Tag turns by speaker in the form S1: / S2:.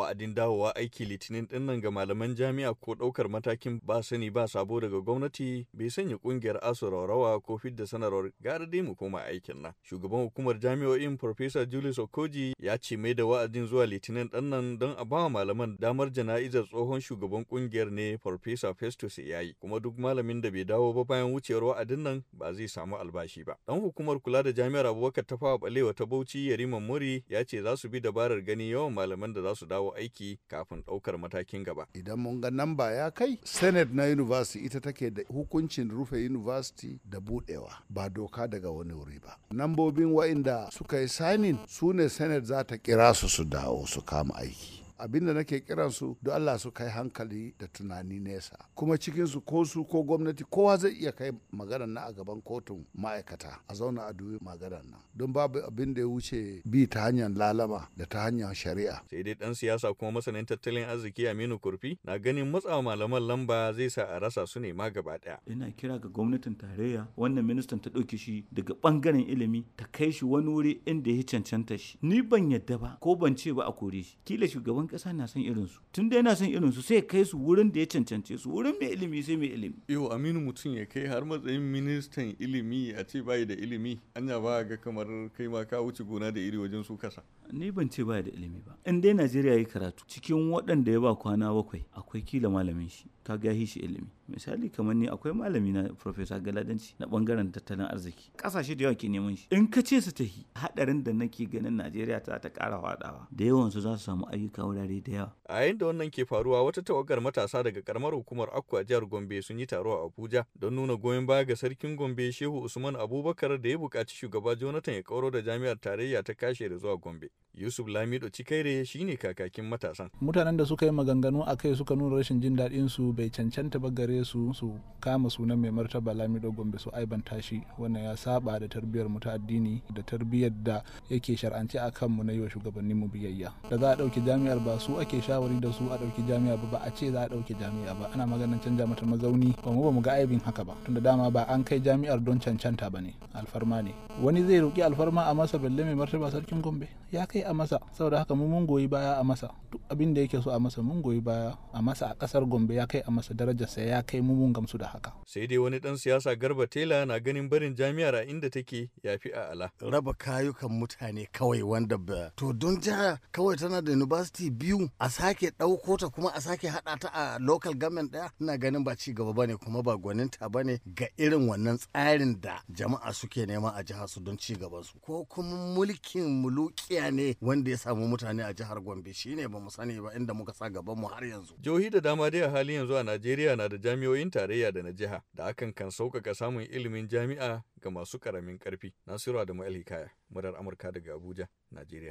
S1: wa'adin dawowa aiki litinin dinnan ga malaman jami'a ko ɗaukar matakin ba sani ba sabo daga gwamnati bai sanya ƙungiyar asu rawa ko fidda sanarwar gara dai mu koma aikin nan shugaban hukumar jami'o'in farfesa julius okoji ya ce mai da wa'adin zuwa litinin dinnan don a bawa malaman damar jana'izar tsohon shugaban ƙungiyar ne farfesa festus ya yi kuma duk malamin da bai dawo ba bayan wucewar wa'adin nan ba zai samu albashi ba dan hukumar kula da jami'ar abubakar tafa balewa ta bauchi yariman muri ya ce za su bi dabarar gani yawan malaman da za su dawo aiki kafin ɗaukar matakin gaba.
S2: Idan mun ga namba ya kai, Senate na University ita take da hukuncin rufe University da buɗewa. ba doka daga wani wuri ba. Nambobin wa'inda suka yi sanin su ne Senate za ta kira su su dawo su kama aiki. abinda nake su don Allah su kai hankali da tunani nesa kuma cikinsu ko su ko gwamnati kowa zai iya kai magana na a gaban kotun ma'aikata a zauna a dubi magana na don babu abin da ya wuce bi ta hanyar lalama da ta hanyar shari'a
S1: sai dai dan siyasa kuma masanin tattalin arziki Aminu Kurfi na ganin matsa malaman lamba zai sa a rasa su ne ma gaba daya
S3: ina kira ga gwamnatin tarayya wannan ministan ta dauke shi daga bangaren ilimi ta kai shi wani wuri inda ya cancanta shi ni ban yadda ba ko ban ce ba a kore shi kila shugaban kasa na son su.
S1: tun da yana son su sai kai su wurin da ya cancance su wurin mai ilimi sai mai ilimi yau aminu mutum ya kai har matsayin ministan ilimi a ce bai da ilimi ya ba ga kamar kai ma ka wuce gona da iri wajen su kasa
S3: ni ban ce bai da ilimi ba in dai najeriya yi karatu cikin waɗanda ya ba kwana bakwai akwai kila malamin shi ka ga shi ilimi misali kamar ni akwai malami na professor galadanci na bangaren tattalin arziki kasashe da yawa ke neman shi in ka
S1: ce su tahi hadarin da nake ganin najeriya ta ta kara faɗawa
S3: da su za su samu ayyuka wurare da yawa.
S1: A yayin da wannan ke faruwa wata tawagar matasa daga karamar hukumar Akku a jihar Gombe sun yi taro a Abuja don nuna goyon baya ga sarkin Gombe Shehu Usman Abubakar da ya buƙaci shugaba Jonathan ya kauro da jami'ar tarayya ta kashe da zuwa Gombe. Yusuf Lamido Cikaire shine kakakin matasan.
S4: Mutanen da suka yi maganganu a kai suka nuna rashin jin daɗin su bai cancanta ba gare su su kama sunan mai martaba Lamido Gombe su aiban tashi wannan ya saba da tarbiyyar mu ta addini da tarbiyyar da yake shar'anci a kan mu na yi wa mu biyayya. Da za a ɗauki jami'ar ba su ake shawari da su a ɗauki jami'a ba a ce za a ɗauki jami'a ba ana maganar canja mata mazauni ba mu ba mu ga aibin haka ba tunda dama ba an kai jami'ar don cancanta ba ne alfarma ne wani zai roki alfarma a masa balle mai martaba sarkin Gombe ya kai a masa saboda haka mun goyi baya a masa abin da yake so a masa mun goyi baya a masa a kasar Gombe ya kai a masa darajarsa ya kai mu mun gamsu
S1: da haka sai dai wani dan siyasa Garba Tela na ganin barin jami'ar a inda take yafi a ala
S5: raba kayukan mutane kawai wanda ba to don jihar kawai tana da university biyu a sake ɗauko ta kuma a sake haɗa ta a local government ɗaya ina ganin ba ci gaba bane kuma ba gwanin gwaninta bane ga irin wannan tsarin da jama'a suke nema a jihar su don ci gaban su ko kuma mulkin mulukiya ne wanda ya samu mutane a jihar Gombe shine ba mu
S1: sani ba inda muka sa gaban mu har yanzu. Jihohi da dama dai a halin yanzu a Najeriya na da jami'oyin tarayya da na jiha da akan kan sauƙaƙa samun ilimin jami'a ga masu ƙaramin ƙarfi. Nasiru Adamu Alhikaya, Hikaya, murar Amurka daga Abuja, Najeriya.